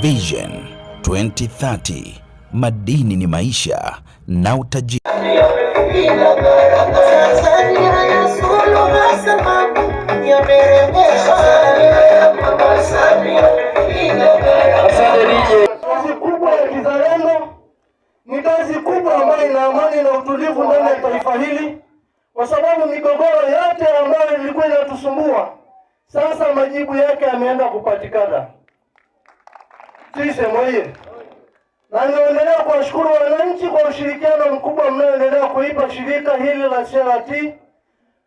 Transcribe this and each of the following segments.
Vision 2030 madini ni maisha na utajiri. Kazi kubwa ya kizalendo ni kazi kubwa ambayo ina amani na utulivu ndani ya taifa hili, kwa sababu migogoro yote ambayo ilikuwa inatusumbua sasa majibu yake yameenda kupatikana. Sisem oye! Na niendelea kuwashukuru wananchi kwa ushirikiano mkubwa mnaoendelea kuipa shirika hili la CRT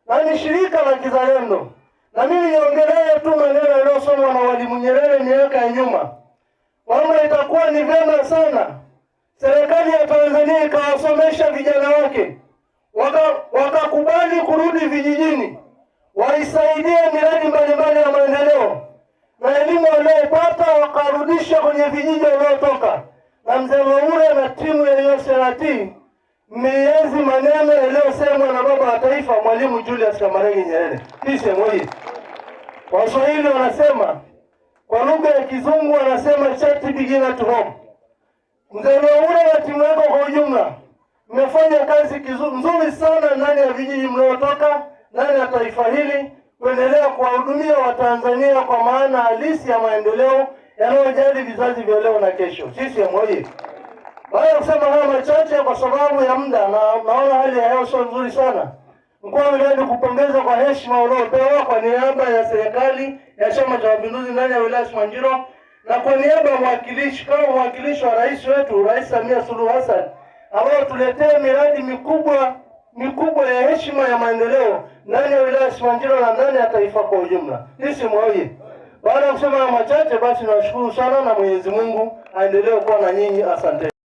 na ni shirika la kizalendo, na mimi niongelee tu maneno yaliyosomwa na Mwalimu Nyerere miaka ya nyuma kwamba itakuwa ni vyema sana serikali ya Tanzania ikawasomesha vijana wake wakakubali waka kurudi vijijini, waisaidie miradi mbalimbali ya maendeleo na elimu wanaopata kuwarudisha kwenye vijiji waliotoka, na mzee Mwaura na timu ya USRT miezi maneno yaliyosemwa na baba wa taifa Mwalimu Julius Kamarage Nyerere. Kisha Hii Waswahili wanasema kwa lugha ya Kizungu wanasema chati begin at home. Mzee Mwaura na timu yako kwa ujumla mmefanya kazi nzuri sana ndani ya vijiji mnayotoka, ndani ya taifa hili kuendelea kuwahudumia Watanzania kwa maana halisi ya maendeleo yanayojali vizazi vya leo na kesho. Sisi oyee! Baada ya kusema hayo machache, kwa sababu ya muda na naona hali ya hewa sio nzuri sana, Mkuu wa wilaya kupongeza kwa heshima uliopewa kwa niaba ya serikali ya Chama cha Mapinduzi ndani ya wilaya Simanjiro na kwa niaba ya mwakilishi kama mwakilishi wa rais wetu Rais Samia Suluhu Hassan ambayo tuletea miradi mikubwa mikubwa ya heshima ya maendeleo ndani ya wilaya Simanjiro na ndani ya taifa kwa ujumla. Sisi baada ya kusema machache, basi nashukuru sana na Mwenyezi Mungu aendelee kuwa na nyinyi. Asante.